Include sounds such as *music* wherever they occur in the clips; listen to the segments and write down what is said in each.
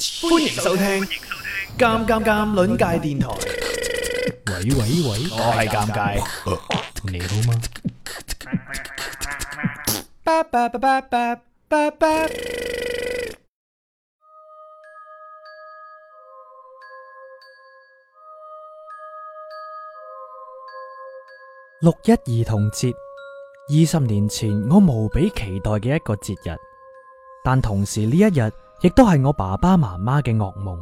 歡迎收聽尷尷尷輪界電台。喂喂喂，喂喂我係尷尬， *laughs* 你好嗎？ *laughs* 六一兒童節，二十年前我無比期待嘅一個節日，但同時呢一日。亦都係我爸爸媽媽嘅噩夢，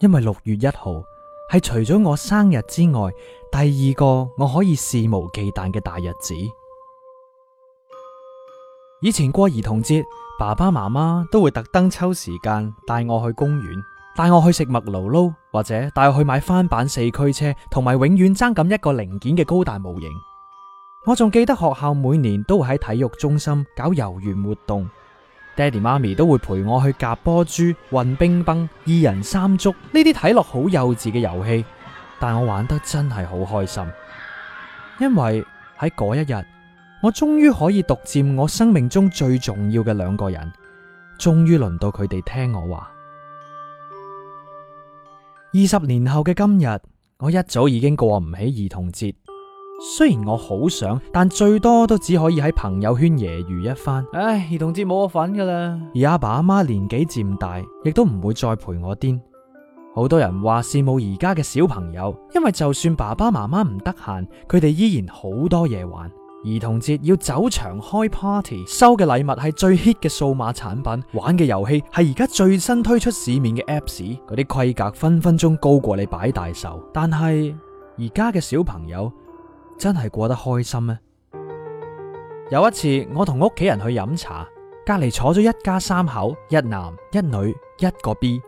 因為六月一號係除咗我生日之外，第二個我可以肆無忌憚嘅大日子。以前過兒童節，爸爸媽媽都會特登抽時間帶我去公園，帶我去食麥盧擼，或者帶我去買翻版四驅車同埋永遠爭咁一個零件嘅高達模型。我仲記得學校每年都會喺體育中心搞遊園活動。爹地媽咪都會陪我去夾波珠、混乒乓、二人三足呢啲睇落好幼稚嘅遊戲，但我玩得真係好開心，因為喺嗰一日，我終於可以獨占我生命中最重要嘅兩個人，終於輪到佢哋聽我話。二十年後嘅今日，我一早已經過唔起兒童節。雖然我好想，但最多都只可以喺朋友圈揶揄一番。唉，兒童節冇我份噶啦。而阿爸阿媽年紀漸大，亦都唔會再陪我癲。好多人話羨慕而家嘅小朋友，因為就算爸爸媽媽唔得閒，佢哋依然好多嘢玩。兒童節要走場開 party，收嘅禮物係最 hit 嘅數碼產品，玩嘅遊戲係而家最新推出市面嘅 apps，嗰啲規格分分鐘高過你擺大壽。但係而家嘅小朋友真係過得開心咩、啊？有一次，我同屋企人去飲茶，隔籬坐咗一家三口，一男一女一個 B。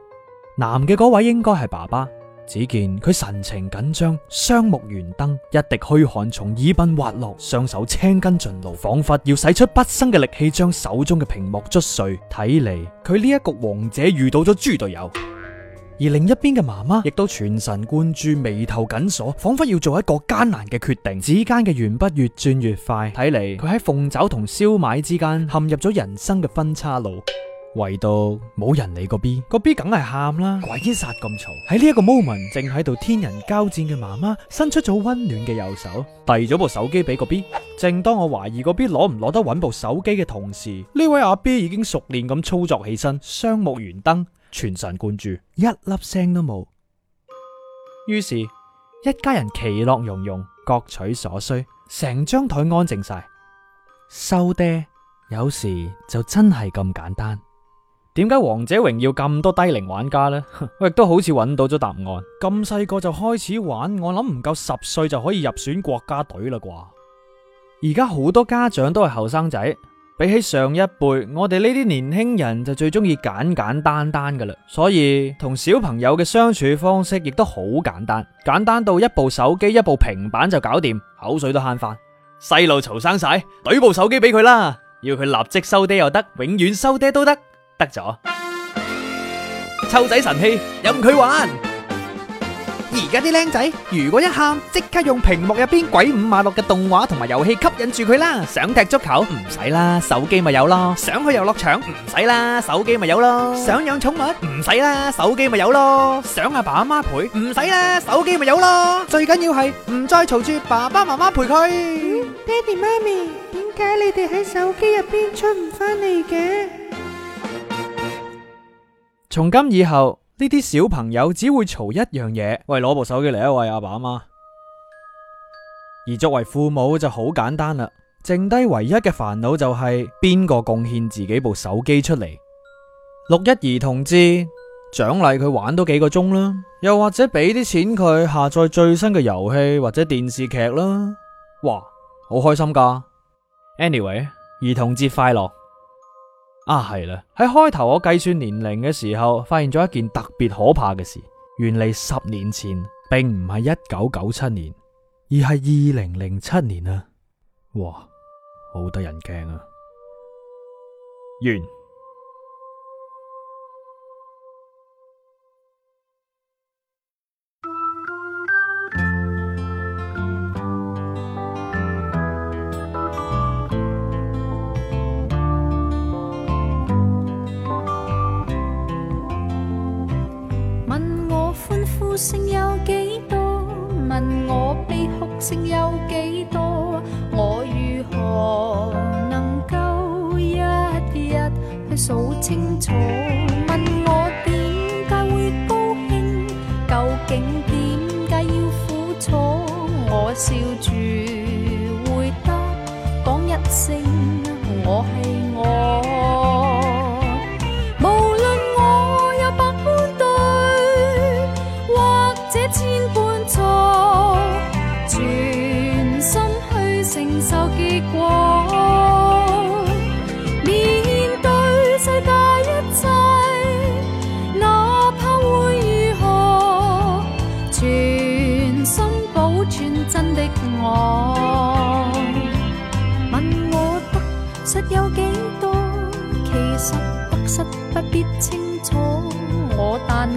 男嘅嗰位應該係爸爸。只見佢神情緊張，雙目圓瞪，一滴虛汗從耳鬢滑落，雙手青筋盡露，仿佛要使出畢生嘅力氣將手中嘅屏幕捽碎。睇嚟佢呢一局王者遇到咗豬隊友。而另一邊嘅媽媽亦都全神貫注，眉頭緊鎖，仿佛要做一個艱難嘅決定。指間嘅鉛筆越轉越快，睇嚟佢喺鳳爪同燒賣之間陷入咗人生嘅分岔路。唯獨冇人理個 B，個 B 梗係喊啦，鬼殺咁嘈。喺呢一個 moment，正喺度天人交戰嘅媽媽，伸出咗温暖嘅右手，遞咗部手機俾個 B。正當我懷疑個 B 攞唔攞得穩部手機嘅同時，呢位阿 B 已經熟練咁操作起身，雙目圓瞪。全神貫注，一粒聲都冇。於是，一家人其樂融融，各取所需，成張台安靜晒。收爹有時就真係咁簡單。點解王者榮耀咁多低齡玩家呢？ *laughs* 我亦都好似揾到咗答案。咁細個就開始玩，我諗唔夠十歲就可以入選國家隊啦啩？而家好多家長都係後生仔。比起上一輩，我哋呢啲年輕人就最中意簡簡單單噶啦，所以同小朋友嘅相處方式亦都好簡單，簡單到一部手機、一部平板就搞掂，口水都慳翻。細路嘈生晒，懟部手機俾佢啦，要佢立即收爹又得，永遠收爹都得，得咗。湊仔神器，任佢玩。而家啲僆仔，如果一喊，即刻用屏幕入邊鬼五馬六嘅動畫同埋遊戲吸引住佢啦。想踢足球唔使啦，手機咪有咯；想去遊樂場唔使啦，手機咪有咯；想養寵物唔使啦，手機咪有咯；想阿爸阿媽陪唔使啦，手機咪有咯。最緊要係唔再嘈住爸爸媽媽陪佢。爹哋媽咪，點解你哋喺手機入邊出唔返嚟嘅？從今以後。呢啲小朋友只會嘈一樣嘢，喂，攞部手機嚟啊！喂，阿爸阿媽，而作為父母就好簡單啦，剩低唯一嘅煩惱就係邊個貢獻自己部手機出嚟。六一兒童節，獎勵佢玩多幾個鐘啦，又或者俾啲錢佢下載最新嘅遊戲或者電視劇啦。哇，好開心噶！Anyway，兒童節快樂。啊，係啦，喺開頭我計算年齡嘅時候，發現咗一件特別可怕嘅事，原嚟十年前並唔係一九九七年，而係二零零七年啊！哇，好得人驚啊！完。呼聲有幾多？問我悲哭聲有幾多？我如何能夠一一去數清楚？問我點解會高興？究竟點解要苦楚？我笑住回答，講一聲，我係。